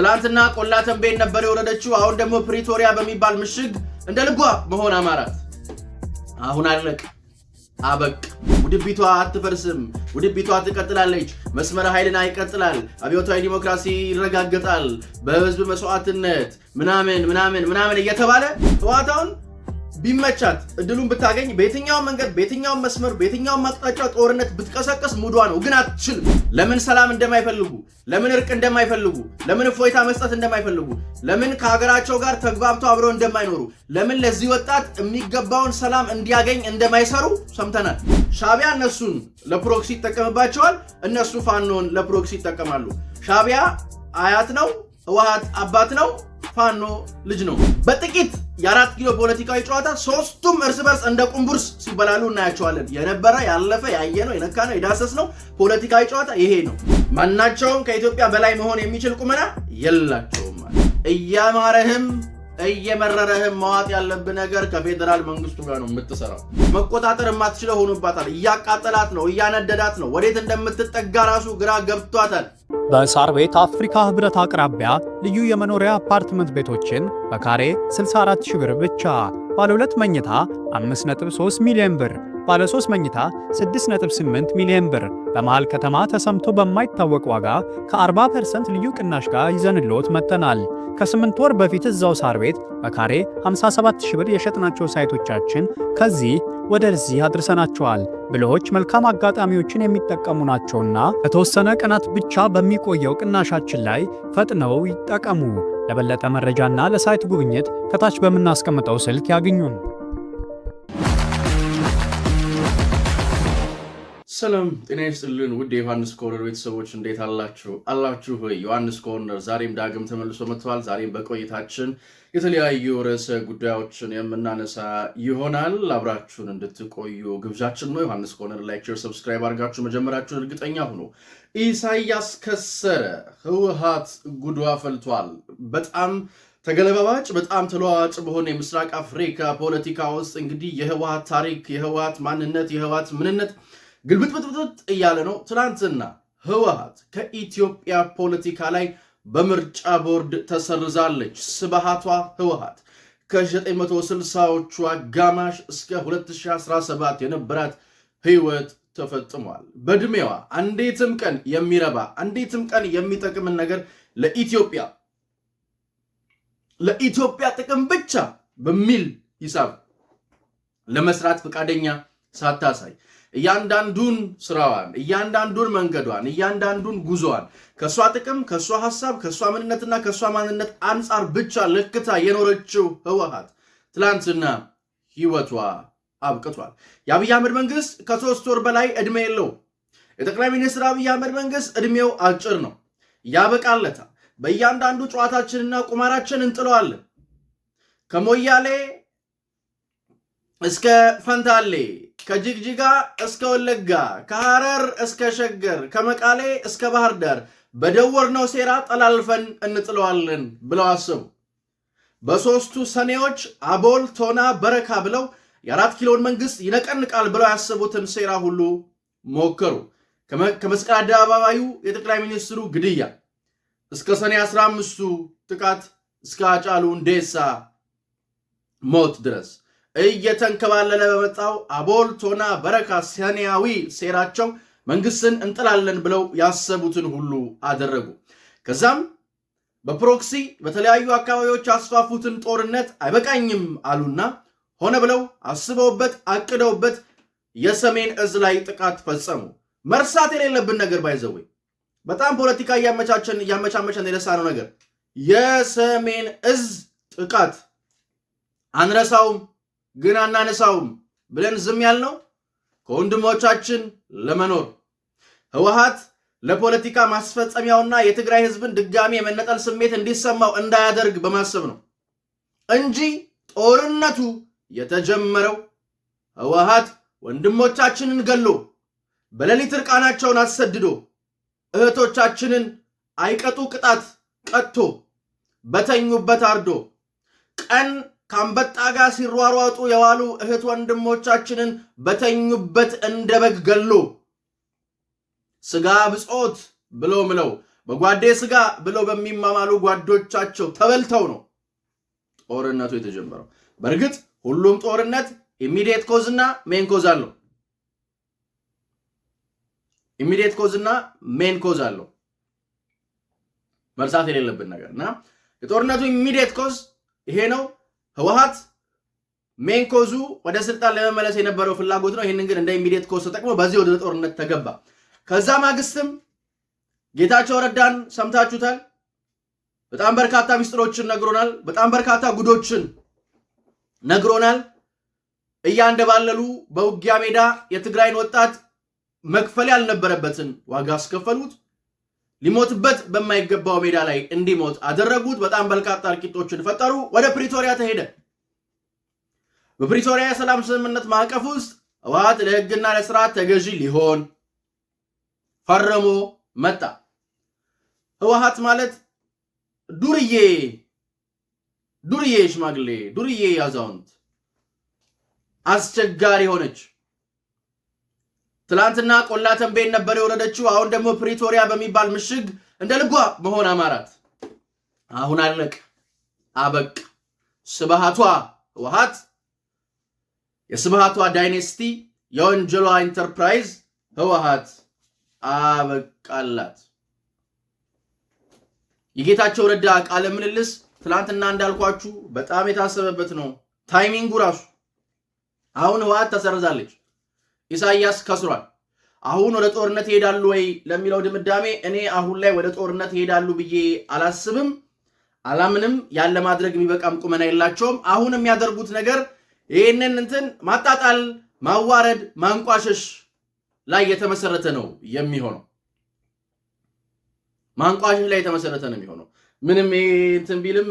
ትላንትና ቆላ ተንቤን ነበር የወረደችው። አሁን ደግሞ ፕሪቶሪያ በሚባል ምሽግ እንደ ልጓ መሆን አማራት። አሁን አለቅ አበቅ። ውድቢቷ አትፈርስም፣ ውድቢቷ ትቀጥላለች። መስመረ ኃይልና ይቀጥላል። አብዮታዊ ዲሞክራሲ ይረጋገጣል በህዝብ መስዋዕትነት ምናምን ምናምን ምናምን እየተባለ ህዋታውን ቢመቻት እድሉን ብታገኝ በየትኛውም መንገድ በየትኛውም መስመር በየትኛውም አቅጣጫ ጦርነት ብትቀሰቀስ ሙዷ ነው፣ ግን አትችልም። ለምን ሰላም እንደማይፈልጉ፣ ለምን እርቅ እንደማይፈልጉ፣ ለምን እፎይታ መስጠት እንደማይፈልጉ፣ ለምን ከሀገራቸው ጋር ተግባብተው አብረው እንደማይኖሩ፣ ለምን ለዚህ ወጣት የሚገባውን ሰላም እንዲያገኝ እንደማይሰሩ ሰምተናል። ሻቢያ እነሱን ለፕሮክሲ ይጠቀምባቸዋል፣ እነሱ ፋኖን ለፕሮክሲ ይጠቀማሉ። ሻቢያ አያት ነው፣ ህወሓት አባት ነው፣ ፋኖ ልጅ ነው። በጥቂት የአራት ኪሎ ፖለቲካዊ ጨዋታ ሶስቱም እርስ በርስ እንደ ቁንቡርስ ሲበላሉ እናያቸዋለን። የነበረ ያለፈ፣ ያየነው፣ የዳሰስ ነው። ፖለቲካዊ ጨዋታ ይሄ ነው። ማናቸውም ከኢትዮጵያ በላይ መሆን የሚችል ቁመና የላቸውም። እያማረህም እየመረረህን መዋጥ ያለብህ ነገር ከፌዴራል መንግስቱ ጋር ነው የምትሰራው። መቆጣጠር የማትችለው ሆኖባታል። እያቃጠላት ነው፣ እያነደዳት ነው። ወዴት እንደምትጠጋ ራሱ ግራ ገብቷታል። በሳር ቤት አፍሪካ ህብረት አቅራቢያ ልዩ የመኖሪያ አፓርትመንት ቤቶችን በካሬ 64 ሺህ ብር ብቻ ባለ ሁለት መኝታ 5.3 ሚሊዮን ብር ባለ 3 መኝታ 6.8 ሚሊዮን ብር በመሃል ከተማ ተሰምቶ በማይታወቅ ዋጋ ከ40% ልዩ ቅናሽ ጋር ይዘንልዎት መጥተናል። ከ8 ወር በፊት እዛው ሳር ቤት በካሬ 57000 ብር የሸጥናቸው ሳይቶቻችን ከዚህ ወደዚህ አድርሰናቸዋል። ብሎዎች መልካም አጋጣሚዎችን የሚጠቀሙ ናቸውና ከተወሰነ ቀናት ብቻ በሚቆየው ቅናሻችን ላይ ፈጥነው ይጠቀሙ። ለበለጠ መረጃና ለሳይት ጉብኝት ከታች በምናስቀምጠው ስልክ ያግኙን። ሰላም ጤና ይስጥልን ውድ የዮሐንስ ኮርነር ቤተሰቦች እንዴት አላችሁ? አላችሁ ሆይ ዮሐንስ ኮርነር ዛሬም ዳግም ተመልሶ መጥቷል። ዛሬም በቆይታችን የተለያዩ ርዕሰ ጉዳዮችን የምናነሳ ይሆናል። አብራችሁን እንድትቆዩ ግብዣችን ነው። ዮሐንስ ኮርነር ላይክ፣ ሼር፣ ሰብስክራይብ አድርጋችሁ መጀመራችሁን እርግጠኛ ሁኑ። ኢሳያስ ከሰረ፣ ህውሃት ጉዷ ፈልቷል። በጣም ተገለባባጭ በጣም ተለዋዋጭ በሆነ የምስራቅ አፍሪካ ፖለቲካ ውስጥ እንግዲህ የህወሓት ታሪክ፣ የህወሓት ማንነት፣ የህወሓት ምንነት ግልብጥብጥብጥ እያለ ነው። ትናንትና ህወሓት ከኢትዮጵያ ፖለቲካ ላይ በምርጫ ቦርድ ተሰርዛለች። ስብሃቷ ህወሓት ከ1960ዎቹ አጋማሽ እስከ 2017 የነበራት ህይወት ተፈጥሟል። በእድሜዋ አንዴትም ቀን የሚረባ አንዴትም ቀን የሚጠቅምን ነገር ለኢትዮጵያ ለኢትዮጵያ ጥቅም ብቻ በሚል ሂሳብ ለመስራት ፈቃደኛ ሳታሳይ እያንዳንዱን ስራዋን፣ እያንዳንዱን መንገዷን፣ እያንዳንዱን ጉዞዋን ከእሷ ጥቅም፣ ከእሷ ሀሳብ፣ ከእሷ ምንነትና ከእሷ ማንነት አንጻር ብቻ ለክታ የኖረችው ህወሓት ትላንትና ህይወቷ አብቅቷል። የአብይ አህመድ መንግስት ከሶስት ወር በላይ እድሜ የለው። የጠቅላይ ሚኒስትር አብይ አህመድ መንግስት እድሜው አጭር ነው፣ ያበቃለታ። በእያንዳንዱ ጨዋታችንና ቁማራችን እንጥለዋለን ከሞያሌ እስከ ፈንታሌ ከጅግጅጋ እስከ ወለጋ፣ ከሐረር እስከ ሸገር፣ ከመቃሌ እስከ ባህር ዳር በደወርነው ሴራ ጠላልፈን እንጥለዋለን ብለው አሰቡ። በሦስቱ ሰኔዎች አቦል፣ ቶና፣ በረካ ብለው የአራት ኪሎን መንግሥት ይነቀንቃል ብለው ያሰቡትን ሴራ ሁሉ ሞከሩ። ከመስቀል አደባባዩ የጠቅላይ ሚኒስትሩ ግድያ እስከ ሰኔ 15ቱ ጥቃት እስከ አጫሉ እንዴሳ ሞት ድረስ እየተንከባለለ በመጣው አቦል ቶና በረካ ሰኔያዊ ሴራቸው መንግስትን እንጥላለን ብለው ያሰቡትን ሁሉ አደረጉ። ከዛም በፕሮክሲ በተለያዩ አካባቢዎች ያስፋፉትን ጦርነት አይበቃኝም አሉና ሆነ ብለው አስበውበት አቅደውበት የሰሜን እዝ ላይ ጥቃት ፈጸሙ። መርሳት የሌለብን ነገር ባይዘወይ በጣም ፖለቲካ እያመቻቸን እያመቻመቸን የደሳነው ነገር የሰሜን እዝ ጥቃት አንረሳውም። ግን አናነሳውም ብለን ዝም ያልነው ከወንድሞቻችን ለመኖር ህወሓት ለፖለቲካ ማስፈጸሚያውና የትግራይ ህዝብን ድጋሚ የመነጠል ስሜት እንዲሰማው እንዳያደርግ በማሰብ ነው እንጂ ጦርነቱ የተጀመረው ህወሓት ወንድሞቻችንን ገሎ በሌሊት እርቃናቸውን አሰድዶ እህቶቻችንን አይቀጡ ቅጣት ቀጥቶ በተኙበት አርዶ ቀን ከአንበጣ ጋር ሲሯሯጡ የዋሉ እህት ወንድሞቻችንን በተኙበት እንደ በግ ገሎ ስጋ ብጾት ብሎ ምለው በጓዴ ስጋ ብለው በሚማማሉ ጓዶቻቸው ተበልተው ነው ጦርነቱ የተጀመረው። በእርግጥ ሁሉም ጦርነት ኢሚዲየት ኮዝ እና ሜን ኮዝ አለው። ኢሚዲየት ኮዝ እና ሜን ኮዝ አለው። መርሳት የሌለብን ነገር እና የጦርነቱ ኢሚዲየት ኮዝ ይሄ ነው። ህወሀት ሜን ኮዙ ወደ ስልጣን ለመመለስ የነበረው ፍላጎት ነው። ይህንን ግን እንደ ኢሚዲየት ኮዝ ተጠቅሞ በዚህ ወደ ጦርነት ተገባ። ከዛ ማግስትም ጌታቸው ረዳን ሰምታችሁታል። በጣም በርካታ ሚስጥሮችን ነግሮናል። በጣም በርካታ ጉዶችን ነግሮናል። እያንደባለሉ በውጊያ ሜዳ የትግራይን ወጣት መክፈል ያልነበረበትን ዋጋ አስከፈሉት። ሊሞትበት በማይገባው ሜዳ ላይ እንዲሞት አደረጉት። በጣም በርካታ እልቂቶችን ፈጠሩ። ወደ ፕሪቶሪያ ተሄደ። በፕሪቶሪያ የሰላም ስምምነት ማዕቀፍ ውስጥ ህወሓት ለህግና ለስርዓት ተገዢ ሊሆን ፈርሞ መጣ። ህወሓት ማለት ዱርዬ ዱርዬ ሽማግሌ ዱርዬ አዛውንት አስቸጋሪ ሆነች። ትላንትና ቆላ ተንቤን ነበር የወረደችው። አሁን ደግሞ ፕሪቶሪያ በሚባል ምሽግ እንደ ልጓ መሆን አማራት። አሁን አለቅ አበቅ ስብሃቷ ህወሓት የስብሃቷ ዳይኔስቲ የወንጀሏ ኢንተርፕራይዝ ህወሓት አበቃላት። የጌታቸው ረዳ ቃለ ምልልስ ትላንትና እንዳልኳችሁ በጣም የታሰበበት ነው። ታይሚንጉ ራሱ አሁን ህወሓት ተሰርዛለች። ኢሳይያስ ከስሯል። አሁን ወደ ጦርነት ይሄዳሉ ወይ ለሚለው ድምዳሜ እኔ አሁን ላይ ወደ ጦርነት ይሄዳሉ ብዬ አላስብም፣ አላምንም። ያን ለማድረግ የሚበቃም ቁመና የላቸውም። አሁን የሚያደርጉት ነገር ይህንን እንትን ማጣጣል፣ ማዋረድ፣ ማንቋሸሽ ላይ የተመሰረተ ነው የሚሆነው። ማንቋሸሽ ላይ የተመሰረተ ነው የሚሆነው። ምንም ይሄ እንትን ቢልም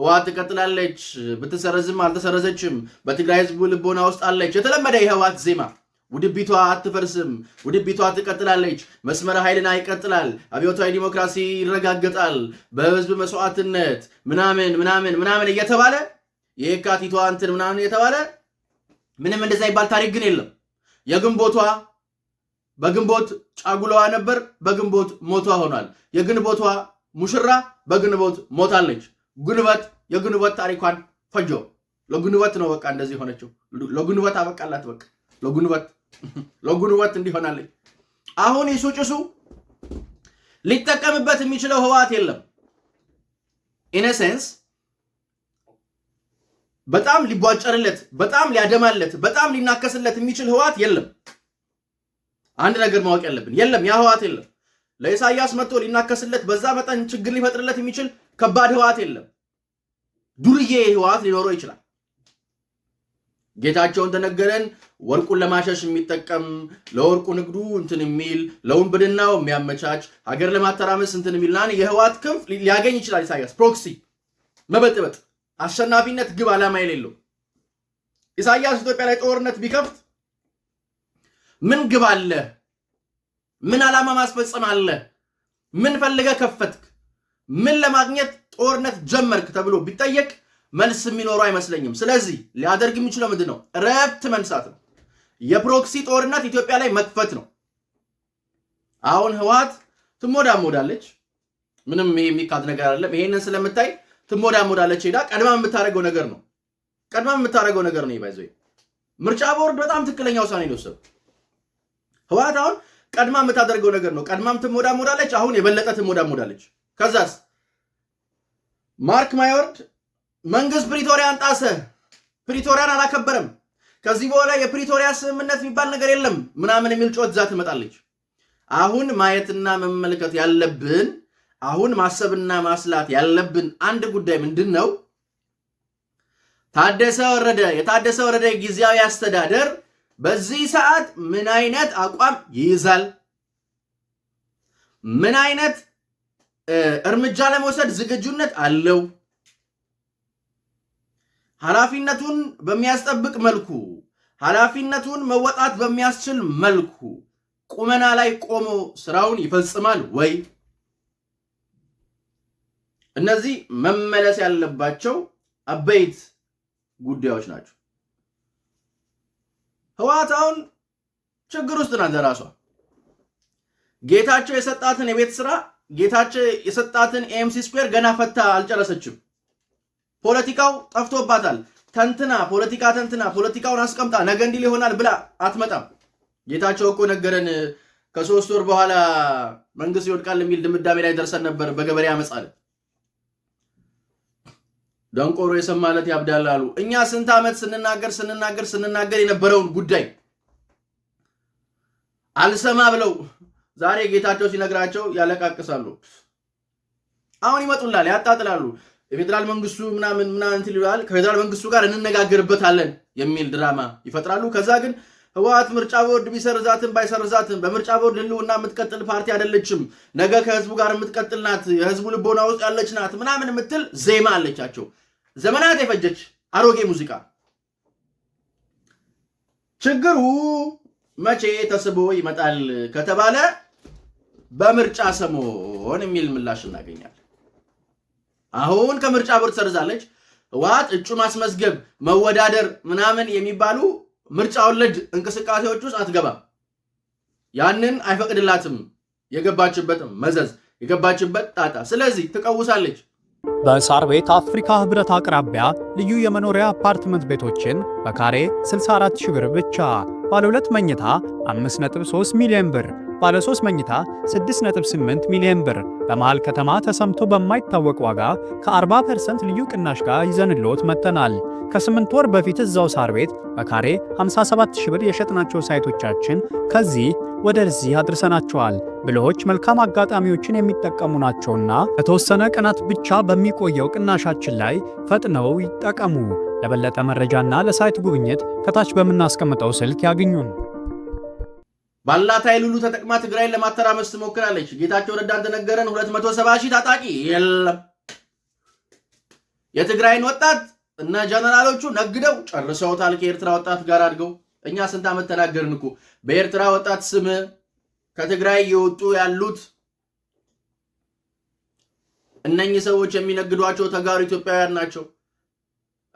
ህወሓት ትቀጥላለች፣ ብትሰረዝም አልተሰረዘችም፣ በትግራይ ህዝቡ ልቦና ውስጥ አለች። የተለመደ የህወሓት ዜማ ውድቢቷ አትፈርስም፣ ውድቢቷ ትቀጥላለች፣ መስመረ ኃይልና ይቀጥላል፣ አብዮታዊ ዲሞክራሲ ይረጋገጣል፣ በህዝብ መስዋዕትነት ምናምን ምናምን ምናምን እየተባለ የካቲቷ እንትን ምናምን እየተባለ ምንም እንደዛ ይባል ታሪክ ግን የለም። የግንቦቷ በግንቦት ጫጉለዋ ነበር፣ በግንቦት ሞቷ ሆኗል። የግንቦቷ ሙሽራ በግንቦት ሞታለች። ግንቦት የግንቦት ታሪኳን ፈጆ ለግንቦት ነው በቃ እንደዚህ ሆነችው። ለግንቦት አበቃላት በቃ ለግንቦት ለግንቦት እንዲሆናለች። አሁን ይሱ ጭሱ ሊጠቀምበት የሚችለው ህወሓት የለም። ኢነሴንስ በጣም ሊቧጨርለት፣ በጣም ሊያደማለት፣ በጣም ሊናከስለት የሚችል ህወሓት የለም። አንድ ነገር ማወቅ ያለብን የለም፣ ያ ህወሓት የለም። ለኢሳያስ መጥቶ ሊናከስለት በዛ መጠን ችግር ሊፈጥርለት የሚችል ከባድ ህወሓት የለም። ዱርዬ ህወሓት ሊኖረው ይችላል። ጌታቸውን ተነገረን ወርቁን ለማሸሽ የሚጠቀም ለወርቁ ንግዱ እንትን የሚል ለውንብድናው የሚያመቻች ሀገር ለማተራመስ እንትን የሚል ናን የህወሓት ክንፍ ሊያገኝ ይችላል። ኢሳያስ ፕሮክሲ መበጥበጥ፣ አሸናፊነት ግብ ዓላማ የሌለው ኢሳያስ ኢትዮጵያ ላይ ጦርነት ቢከፍት ምን ግብ አለ? ምን ዓላማ ማስፈጸም አለ? ምን ፈልገ ከፈትክ? ምን ለማግኘት ጦርነት ጀመርክ ተብሎ ቢጠየቅ መልስ የሚኖረው አይመስለኝም። ስለዚህ ሊያደርግ የሚችለው ምንድን ነው? ረብት መንሳት ነው። የፕሮክሲ ጦርነት ኢትዮጵያ ላይ መክፈት ነው። አሁን ህወሓት ትሞዳሞዳለች። ምንም የሚካድ ነገር አይደለም። ይሄንን ስለምታይ ትሞዳሞዳለች። ሄዳ ቀድማ የምታደርገው ነገር ነው። ቀድማ የምታደርገው ነገር ነው። ይባይዘ ምርጫ ቦርድ በጣም ትክክለኛ ውሳኔ ነው የወሰደው። ህወሓት አሁን ቀድማ የምታደርገው ነገር ነው። ቀድማም ትሞዳ ሞዳለች። አሁን የበለጠ ትሞዳ ሞዳለች። ከዛስ ማርክ ማዮርድ መንግስት ፕሪቶሪያን ጣሰ፣ ፕሪቶሪያን አላከበረም፣ ከዚህ በኋላ የፕሪቶሪያ ስምምነት የሚባል ነገር የለም ምናምን የሚል ጮት ዛ ትመጣለች። አሁን ማየትና መመልከት ያለብን አሁን ማሰብና ማስላት ያለብን አንድ ጉዳይ ምንድን ነው? ታደሰ ወረደ የታደሰ ወረደ ጊዜያዊ አስተዳደር በዚህ ሰዓት ምን አይነት አቋም ይይዛል? ምን አይነት እርምጃ ለመውሰድ ዝግጁነት አለው? ኃላፊነቱን በሚያስጠብቅ መልኩ ኃላፊነቱን መወጣት በሚያስችል መልኩ ቁመና ላይ ቆሞ ስራውን ይፈጽማል ወይ? እነዚህ መመለስ ያለባቸው አበይት ጉዳዮች ናቸው። ህወሓት አሁን ችግር ውስጥ ናት። ለራሷ ጌታቸው የሰጣትን የቤት ስራ ጌታቸው የሰጣትን ኤምሲ ስኩዌር ገና ፈታ አልጨረሰችም። ፖለቲካው ጠፍቶባታል። ተንትና ፖለቲካ ተንትና ፖለቲካውን አስቀምጣ ነገ እንዲል ይሆናል ብላ አትመጣም። ጌታቸው እኮ ነገረን ከሶስት ወር በኋላ መንግስት ይወድቃል የሚል ድምዳሜ ላይ ደርሰን ነበር በገበሬ አመፅ አለ። ደንቆሮ የሰማለት ያብዳል አሉ። እኛ ስንት ዓመት ስንናገር ስንናገር ስንናገር የነበረውን ጉዳይ አልሰማ ብለው ዛሬ ጌታቸው ሲነግራቸው ያለቃቅሳሉ። አሁን ይመጡላል፣ ያጣጥላሉ። የፌዴራል መንግስቱ ምናምን ምናምን እንትን ይላል። ከፌዴራል መንግስቱ ጋር እንነጋገርበታለን የሚል ድራማ ይፈጥራሉ። ከዛ ግን ህወሓት ምርጫ ቦርድ ቢሰርዛትም ባይሰርዛትም በምርጫ ቦርድ ህልውና የምትቀጥል ፓርቲ አይደለችም፣ ነገ ከህዝቡ ጋር የምትቀጥል ናት፣ የህዝቡ ልቦና ውስጥ ያለች ናት ምናምን የምትል ዜማ አለቻቸው። ዘመናት የፈጀች አሮጌ ሙዚቃ። ችግሩ መቼ ተስቦ ይመጣል ከተባለ በምርጫ ሰሞን የሚል ምላሽ እናገኛለን። አሁን ከምርጫ ቦርድ ሰርዛለች። ህወሓት እጩ ማስመዝገብ፣ መወዳደር ምናምን የሚባሉ ምርጫ ወለድ እንቅስቃሴዎች ውስጥ አትገባም። ያንን አይፈቅድላትም። የገባችበት መዘዝ የገባችበት ጣጣ። ስለዚህ ትቀውሳለች። በሳር ቤት አፍሪካ ህብረት አቅራቢያ ልዩ የመኖሪያ አፓርትመንት ቤቶችን በካሬ 64 ሺህ ብር ብቻ ባለ ሁለት መኝታ 5.3 ሚሊዮን ብር ባለ 3 መኝታ 6.8 ሚሊዮን ብር በመሃል ከተማ ተሰምቶ በማይታወቅ ዋጋ ከ40% ልዩ ቅናሽ ጋር ይዘንልዎት መጥተናል። ከስምንት ወር በፊት እዛው ሳር ቤት በካሬ 57000 ብር የሸጥናቸው ሳይቶቻችን ከዚህ ወደዚህ አድርሰናቸዋል። ብሎዎች መልካም አጋጣሚዎችን የሚጠቀሙ ናቸውና ከተወሰነ ቀናት ብቻ በሚቆየው ቅናሻችን ላይ ፈጥነው ይጠቀሙ። ለበለጠ መረጃና ለሳይት ጉብኝት ከታች በምናስቀምጠው ስልክ ያግኙን። ባላት ኃይል ሁሉ ተጠቅማ ትግራይን ለማተራመስ ትሞክራለች። ጌታቸው ረዳ እንደነገረን 270 ሺህ ታጣቂ የለም። የትግራይን ወጣት እና ጀነራሎቹ ነግደው ጨርሰውታል ከኤርትራ ወጣት ጋር አድገው እኛ ስንት ዓመት ተናገርን እኮ በኤርትራ ወጣት ስም ከትግራይ የወጡ ያሉት እነኚህ ሰዎች የሚነግዷቸው ተጋሩ ኢትዮጵያውያን ናቸው።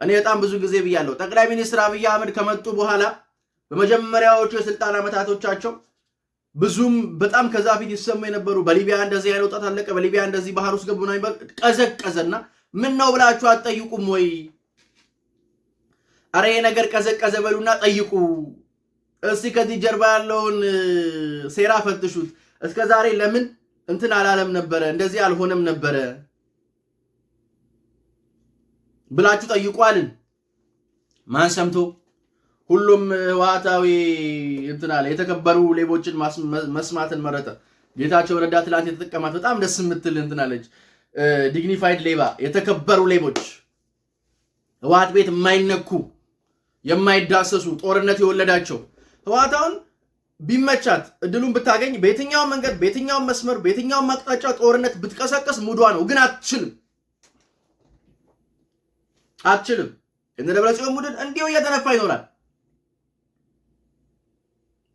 እኔ በጣም ብዙ ጊዜ ብያለሁ። ጠቅላይ ሚኒስትር አብይ አህመድ ከመጡ በኋላ በመጀመሪያዎቹ የስልጣን ዓመታቶቻቸው ብዙም በጣም ከዛ ፊት ይሰሙ የነበሩ በሊቢያ እንደዚህ ያለ ወጣት አለቀ፣ በሊቢያ እንደዚህ ባህር ውስጥ ገቡና ቀዘቀዘና ምን ነው ብላችሁ አትጠይቁም ወይ? አረ ነገር ቀዘቀዘ በሉና ጠይቁ። እስቲ ከዚህ ጀርባ ያለውን ሴራ ፈትሹት። እስከ ዛሬ ለምን እንትን አላለም ነበረ? እንደዚህ አልሆነም ነበረ ብላችሁ ጠይቁ አልን። ማን ሰምቶ ሁሉም ህወሓታዊ እንትን አለ። የተከበሩ ሌቦችን መስማትን መረጠ። ጌታቸው ረዳ ትላንት የተጠቀማት በጣም ደስ የምትል እንትን አለች። ዲግኒፋይድ ሌባ፣ የተከበሩ ሌቦች፣ ህወሓት ቤት የማይነኩ የማይዳሰሱ ጦርነት የወለዳቸው ህወሓታውን ቢመቻት እድሉን ብታገኝ በየትኛውም መንገድ በየትኛውም መስመር በየትኛውም አቅጣጫ ጦርነት ብትቀሰቀስ ሙዷ ነው። ግን አትችልም አትችልም። እነ ደብረጽዮን ቡድን እንዲሁ እየተነፋ ይኖራል።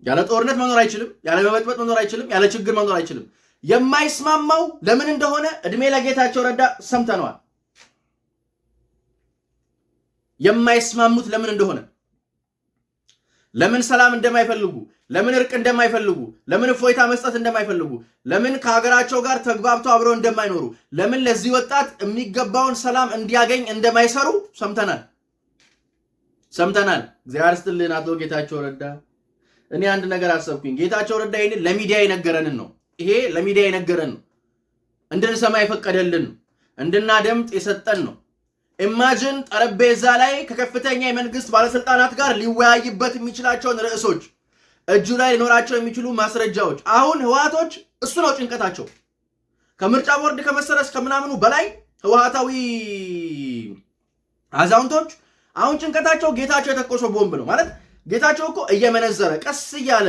ያለ ጦርነት መኖር አይችልም። ያለ መበጥበጥ መኖር አይችልም። ያለ ችግር መኖር አይችልም። የማይስማማው ለምን እንደሆነ እድሜ ለጌታቸው ረዳ ሰምተነዋል። የማይስማሙት ለምን እንደሆነ ለምን ሰላም እንደማይፈልጉ ለምን እርቅ እንደማይፈልጉ ለምን እፎይታ መስጠት እንደማይፈልጉ ለምን ከሀገራቸው ጋር ተግባብተው አብረው እንደማይኖሩ ለምን ለዚህ ወጣት የሚገባውን ሰላም እንዲያገኝ እንደማይሰሩ ሰምተናል ሰምተናል። እግዚአብሔር ይስጥልን አቶ ጌታቸው ረዳ። እኔ አንድ ነገር አሰብኩኝ። ጌታቸው ረዳ ይህንን ለሚዲያ የነገረንን ነው። ይሄ ለሚዲያ የነገረን ነው፣ እንድንሰማ የፈቀደልን ነው፣ እንድናደምጥ የሰጠን ነው። ኢማጅን ጠረጴዛ ላይ ከከፍተኛ የመንግስት ባለስልጣናት ጋር ሊወያይበት የሚችላቸውን ርዕሶች እጁ ላይ ሊኖራቸው የሚችሉ ማስረጃዎች። አሁን ህወሓቶች እሱ ነው ጭንቀታቸው። ከምርጫ ቦርድ ከመሰረስ ከምናምኑ በላይ ህወሓታዊ አዛውንቶች አሁን ጭንቀታቸው ጌታቸው የተኮሰው ቦምብ ነው ማለት ጌታቸው እኮ እየመነዘረ ቀስ እያለ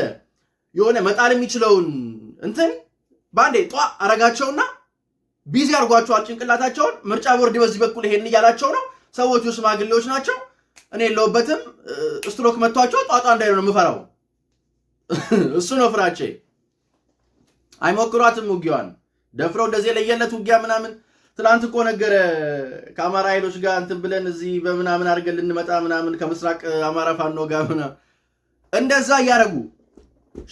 የሆነ መጣል የሚችለውን እንትን በአንዴ ጧ አረጋቸውና ቢዚ አድርጓቸዋል ጭንቅላታቸውን። ምርጫ ቦርድ በዚህ በኩል ይሄን እያላቸው ነው። ሰዎቹ ሽማግሌዎች ናቸው። እኔ የለውበትም። ስትሮክ መቷቸው ጧጧ እንዳይ ነው የምፈራው። እሱ ነው ፍራቼ። አይሞክሯትም ውጊዋን ደፍረው እንደዚህ የለየለት ውጊያ ምናምን ትናንት እኮ ነገረ ከአማራ ኃይሎች ጋር እንትን ብለን እዚህ በምናምን አድርገን ልንመጣ ምናምን ከምስራቅ አማራ ፋኖ ጋር ምና እንደዛ እያደረጉ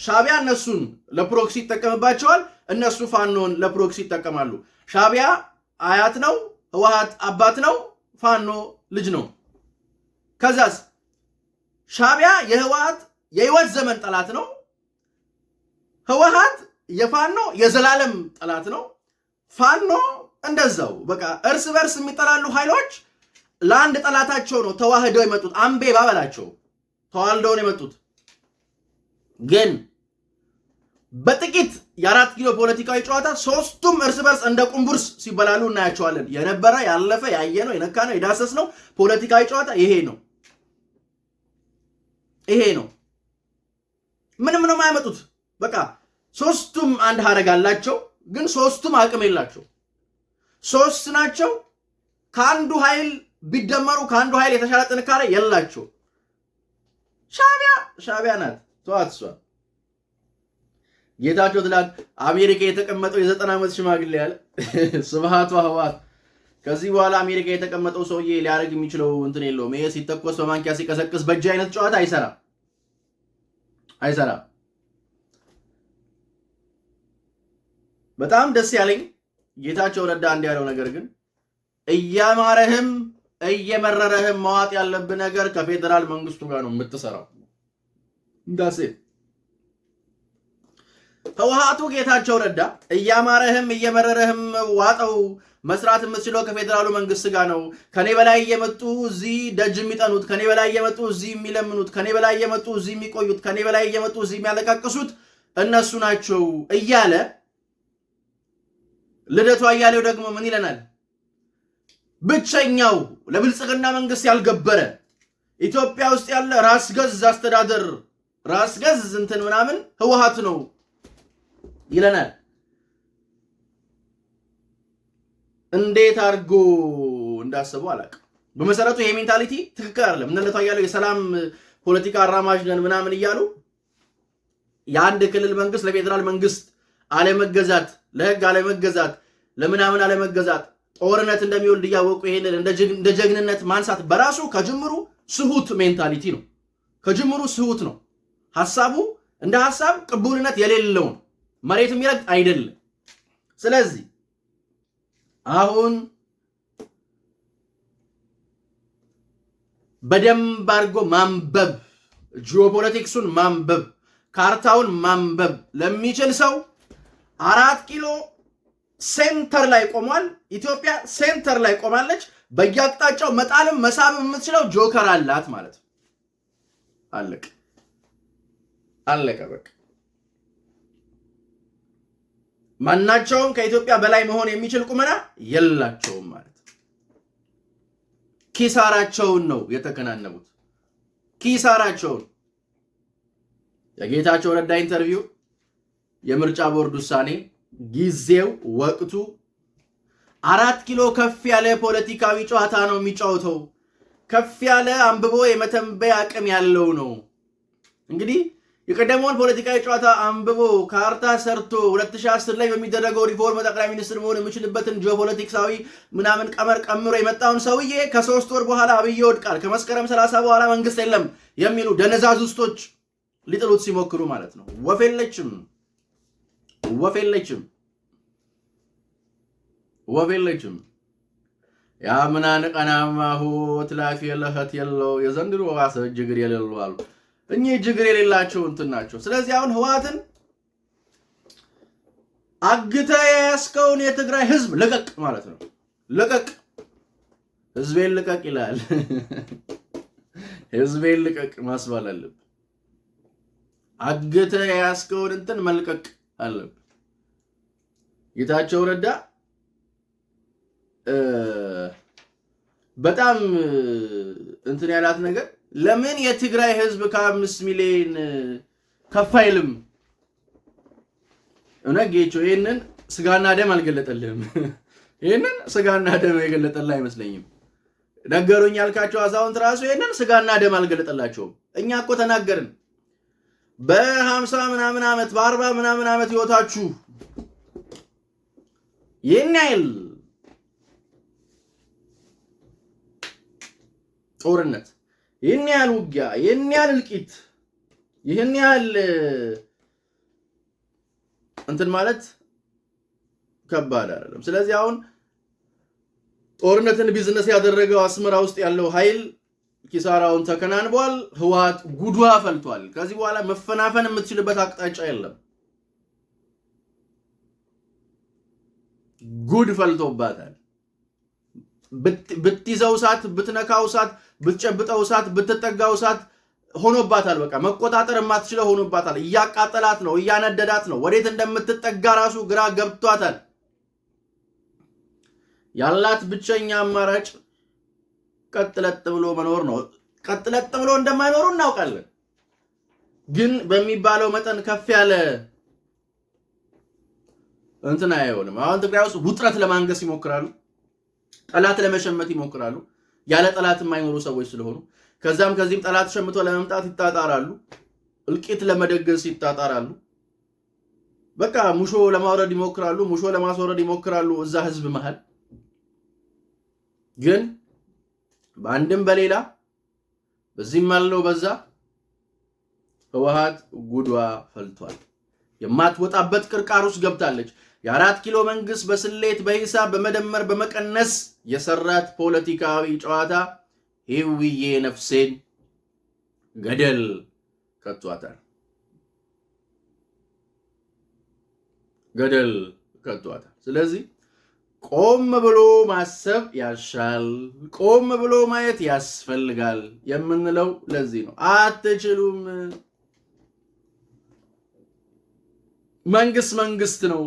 ሻቢያ እነሱን ለፕሮክሲ ይጠቀምባቸዋል። እነሱ ፋኖን ለፕሮክሲ ይጠቀማሉ። ሻቢያ አያት ነው፣ ህወሓት አባት ነው፣ ፋኖ ልጅ ነው። ከዛስ ሻቢያ የህወሓት የህይወት ዘመን ጠላት ነው። ህወሓት የፋኖ የዘላለም ጠላት ነው። ፋኖ እንደዛው በቃ እርስ በርስ የሚጠላሉ ኃይሎች ለአንድ ጠላታቸው ነው ተዋህደው የመጡት። አምቤ ባበላቸው ተዋልደውን የመጡት። ግን በጥቂት የአራት ኪሎ ፖለቲካዊ ጨዋታ ሶስቱም እርስ በርስ እንደ ቁንቡርስ ሲበላሉ እናያቸዋለን። የነበረ ያለፈ፣ ያየ ነው፣ የነካ ነው፣ የዳሰስ ነው ፖለቲካዊ ጨዋታ ይሄ ነው። ይሄ ነው። ምንም ነው የማያመጡት። በቃ ሶስቱም አንድ ሀረግ አላቸው፣ ግን ሶስቱም አቅም የላቸው ሶስት ናቸው። ከአንዱ ኃይል ቢደመሩ ከአንዱ ኃይል የተሻለ ጥንካሬ የላቸው። ሻቢያ ሻቢያ ናት ተዋት። እሷ ጌታቸው ትላንት አሜሪካ የተቀመጠው የዘጠና ዓመት ሽማግሌ ያለ ስብሃቱ ህዋት ከዚህ በኋላ አሜሪካ የተቀመጠው ሰውዬ ሊያደርግ የሚችለው እንትን የለውም። ይሄ ሲተኮስ በማንኪያ ሲቀሰቅስ በእጅ አይነት ጨዋታ አይሰራም አይሰራም። በጣም ደስ ያለኝ ጌታቸው ረዳ እንዲህ ያለው ነገር ግን እያማረህም እየመረረህም መዋጥ ያለብህ ነገር ከፌዴራል መንግስቱ ጋር ነው የምትሰራው። እንዳሴ ህወሓቱ ጌታቸው ረዳ እያማረህም እየመረረህም ዋጠው መስራት የምትችለው ከፌዴራሉ መንግስት ጋር ነው። ከኔ በላይ እየመጡ እዚህ ደጅ የሚጠኑት፣ ከኔ በላይ እየመጡ እዚህ የሚለምኑት፣ ከኔ በላይ እየመጡ እዚህ የሚቆዩት፣ ከኔ በላይ እየመጡ እዚህ የሚያለቃቅሱት እነሱ ናቸው እያለ ልደቱ አያሌው ደግሞ ምን ይለናል? ብቸኛው ለብልጽግና መንግስት ያልገበረ ኢትዮጵያ ውስጥ ያለ ራስ ገዝ አስተዳደር ራስ ገዝ እንትን ምናምን ህወሓት ነው ይለናል። እንዴት አድርጎ እንዳስበው አላውቅም። በመሰረቱ ይሄ ሜንታሊቲ ትክክል አይደለም። እነ ልደቱ አያሌው የሰላም ፖለቲካ አራማጅ ነን ምናምን እያሉ የአንድ ክልል መንግስት ለፌዴራል መንግስት አለመገዛት ለህግ አለመገዛት፣ ለምናምን አለመገዛት ጦርነት እንደሚወልድ እያወቁ ይሄንን እንደ ጀግንነት ማንሳት በራሱ ከጅምሩ ስሁት ሜንታሊቲ ነው። ከጅምሩ ስሁት ነው። ሀሳቡ እንደ ሀሳብ ቅቡልነት የሌለውን መሬት የሚረግጥ አይደለም። ስለዚህ አሁን በደንብ አድርጎ ማንበብ ጂኦፖለቲክሱን ማንበብ ካርታውን ማንበብ ለሚችል ሰው አራት ኪሎ ሴንተር ላይ ቆሟል። ኢትዮጵያ ሴንተር ላይ ቆማለች። በየአቅጣጫው መጣልም መሳብ የምትችለው ጆከር አላት ማለት ነው። አለቀ አለቀ በቃ። ማናቸውም ከኢትዮጵያ በላይ መሆን የሚችል ቁመና የላቸውም ማለት ኪሳራቸውን ነው የተከናነቡት። ኪሳራቸውን የጌታቸው ረዳ ኢንተርቪው የምርጫ ቦርድ ውሳኔ ጊዜው፣ ወቅቱ አራት ኪሎ ከፍ ያለ ፖለቲካዊ ጨዋታ ነው የሚጫወተው። ከፍ ያለ አንብቦ የመተንበያ አቅም ያለው ነው። እንግዲህ የቀደመውን ፖለቲካዊ ጨዋታ አንብቦ ካርታ ሰርቶ 2010 ላይ በሚደረገው ሪፎርም ጠቅላይ ሚኒስትር መሆን የምችልበትን ጂኦፖለቲክሳዊ ምናምን ቀመር ቀምሮ የመጣውን ሰውዬ ከሶስት ወር በኋላ አብይ ይወድቃል፣ ከመስከረም 30 በኋላ መንግስት የለም የሚሉ ደነዛዝ ውስጦች ሊጥሉት ሲሞክሩ ማለት ነው። ወፍ የለችም። ወፍ የለችም፣ ወፍ የለችም። ያ ምናን ቀናማሁ ትላፊ የለኸት የለው የዘንድሮ ዋሰ ጅግር የሌሉ አሉ። እኚህ ጅግር የሌላቸው እንትን ናቸው። ስለዚህ አሁን ህዋትን አግተ የያዝከውን የትግራይ ህዝብ ልቀቅ ማለት ነው። ልቀቅ፣ ህዝቤን ልቀቅ ይላል። ህዝቤን ልቀቅ ማስባል አለብን። አግተ የያዝከውን እንትን መልቀቅ አለብን። ጌታቸው ረዳ በጣም እንትን ያላት ነገር ለምን የትግራይ ህዝብ ከአምስት ሚሊዮን ከፍ አይልም? እውነት ጌቾ ይህንን ስጋና ደም አልገለጠልህም። ይህንን ስጋና ደም የገለጠልህ አይመስለኝም። ነገሩኝ ያልካቸው አዛውንት ራሱ ይህንን ስጋና ደም አልገለጠላቸውም። እኛ እኮ ተናገርን። በሀምሳ ምናምን ዓመት በአርባ ምናምን ዓመት ህይወታችሁ ይህን ያህል ጦርነት፣ ይህን ያህል ውጊያ፣ ይህን ያህል እልቂት፣ ይህን ያህል እንትን ማለት ከባድ አይደለም። ስለዚህ አሁን ጦርነትን ቢዝነስ ያደረገው አስመራ ውስጥ ያለው ኃይል ኪሳራውን ተከናንቧል። ህወሓት ጉዷ ፈልቷል። ከዚህ በኋላ መፈናፈን የምትችልበት አቅጣጫ የለም። ጉድ ፈልቶባታል። ብትይዘው እሳት፣ ብትነካው እሳት፣ ብትጨብጠው እሳት፣ ብትጠጋው እሳት ሆኖባታል። በቃ መቆጣጠር የማትችለው ሆኖባታል። እያቃጠላት ነው፣ እያነደዳት ነው። ወዴት እንደምትጠጋ ራሱ ግራ ገብቷታል። ያላት ብቸኛ አማራጭ ቀጥለጥ ብሎ መኖር ነው። ቀጥለጥ ብሎ እንደማይኖሩ እናውቃለን። ግን በሚባለው መጠን ከፍ ያለ እንትን አይሆንም። አሁን ትግራይ ውስጥ ውጥረት ለማንገስ ይሞክራሉ፣ ጠላት ለመሸመት ይሞክራሉ። ያለ ጠላት የማይኖሩ ሰዎች ስለሆኑ ከዛም ከዚህም ጠላት ሸምቶ ለመምጣት ይጣጣራሉ፣ እልቂት ለመደገስ ይጣጣራሉ። በቃ ሙሾ ለማውረድ ይሞክራሉ፣ ሙሾ ለማስወረድ ይሞክራሉ እዛ ህዝብ መሃል ግን በአንድም በሌላ በዚህም አለው በዛ ህወሓት ጉዷ ፈልቷል። የማትወጣበት ቅርቃር ውስጥ ገብታለች። የአራት ኪሎ መንግስት በስሌት በሂሳብ በመደመር በመቀነስ የሰራት ፖለቲካዊ ጨዋታ ይውዬ ነፍሴን ገደል ከቷታል፣ ገደል ከቷታል። ስለዚህ ቆም ብሎ ማሰብ ያሻል። ቆም ብሎ ማየት ያስፈልጋል የምንለው ለዚህ ነው። አትችሉም። መንግስት መንግስት ነው።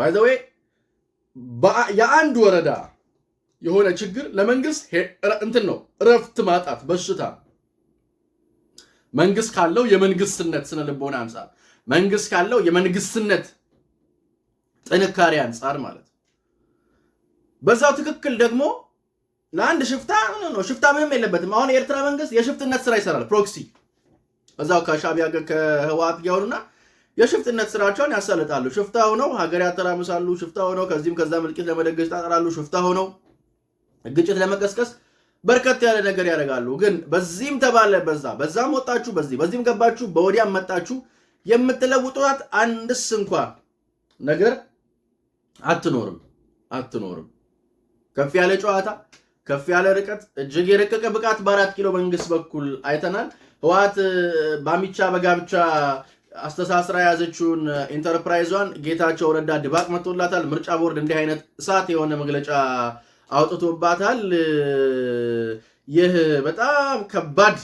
ባይዘዌ የአንድ ወረዳ የሆነ ችግር ለመንግስት እንትን ነው፣ እረፍት ማጣት በሽታ። መንግስት ካለው የመንግስትነት ስነ ልቦና አንጻር መንግስት ካለው የመንግስትነት ጥንካሬ አንጻር ማለት ነው። በዛው ትክክል ደግሞ ለአንድ ሽፍታ ነው ሽፍታ ምንም የለበትም። አሁን የኤርትራ መንግስት የሽፍትነት ስራ ይሰራል። ፕሮክሲ እዛው ከሻቢያ ከህወሓት ያውሩና የሽፍትነት ስራቸውን ያሳልጣሉ። ሽፍታ ሆነው ሀገር ያተራምሳሉ። ሽፍታ ሆነው ከዚህም ከዛም እልቂት ለመደገስ ይጣጣራሉ። ሽፍታ ሆነው ግጭት ለመቀስቀስ በርከት ያለ ነገር ያደርጋሉ። ግን በዚህም ተባለ በዛ በዛም ወጣችሁ በዚህ በዚህም ገባችሁ በወዲያም መጣችሁ የምትለውጡት አንድስ እንኳ ነገር አትኖርም አትኖርም። ከፍ ያለ ጨዋታ፣ ከፍ ያለ ርቀት፣ እጅግ የረቀቀ ብቃት በአራት ኪሎ መንግስት በኩል አይተናል። ህወሓት በአሚቻ በጋብቻ አስተሳስራ የያዘችውን ኢንተርፕራይዟን ጌታቸው ረዳ ድባቅ መቶላታል። ምርጫ ቦርድ እንዲህ አይነት እሳት የሆነ መግለጫ አውጥቶባታል። ይህ በጣም ከባድ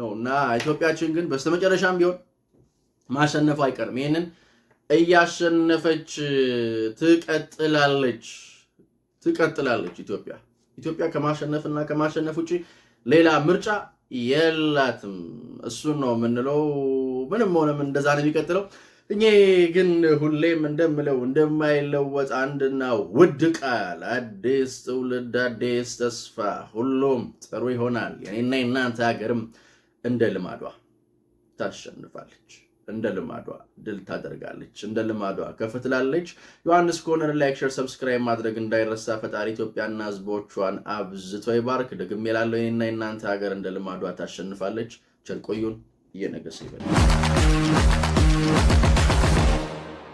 ነው እና ኢትዮጵያችን ግን በስተመጨረሻም ቢሆን ማሸነፉ አይቀርም። ይህንን እያሸነፈች ትቀጥላለች ትቀጥላለች። ኢትዮጵያ ኢትዮጵያ ከማሸነፍና ከማሸነፍ ውጭ ሌላ ምርጫ የላትም። እሱን ነው የምንለው። ምንም ሆነም እንደዛ ነው የሚቀጥለው። እኔ ግን ሁሌም እንደምለው እንደማይለወጥ አንድና ውድ ቃል፣ አዲስ ትውልድ፣ አዲስ ተስፋ፣ ሁሉም ጥሩ ይሆናል። የኔና የናንተ ሀገርም እንደ ልማዷ ታሸንፋለች። እንደ ልማዷ ድል ታደርጋለች፣ እንደ ልማዷ ከፍ ትላለች። ዮሐንስ ኮርነር ላይክ፣ ሰብስክራይብ ማድረግ እንዳይረሳ። ፈጣሪ ኢትዮጵያና ህዝቦቿን አብዝቶ ይባርክ። ደግሜ ላለው ይህና የእናንተ ሀገር እንደ ልማዷ ታሸንፋለች። ቸር ቆዩን። እየነገሰ ይበል።